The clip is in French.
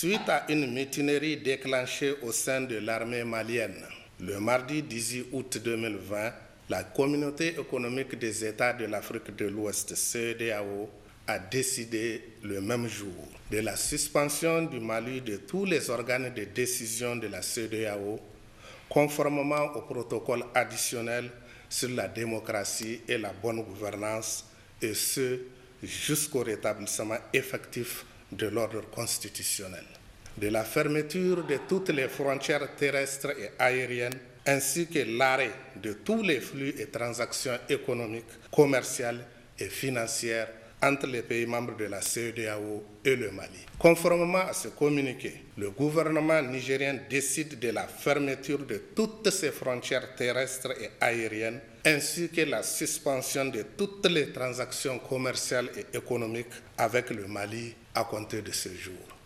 Suite à une mutinerie déclenchée au sein de l'armée malienne, le mardi 18 août 2020, la Communauté économique des États de l'Afrique de l'Ouest, CEDAO, a décidé le même jour de la suspension du Mali de tous les organes de décision de la CEDEAO, conformément au protocole additionnel sur la démocratie et la bonne gouvernance, et ce jusqu'au rétablissement effectif de l'ordre constitutionnel, de la fermeture de toutes les frontières terrestres et aériennes, ainsi que l'arrêt de tous les flux et transactions économiques, commerciales et financières entre les pays membres de la CEDEAO et le Mali. Conformément à ce communiqué, le gouvernement nigérien décide de la fermeture de toutes ses frontières terrestres et aériennes, ainsi que la suspension de toutes les transactions commerciales et économiques avec le Mali à compter de ce jour.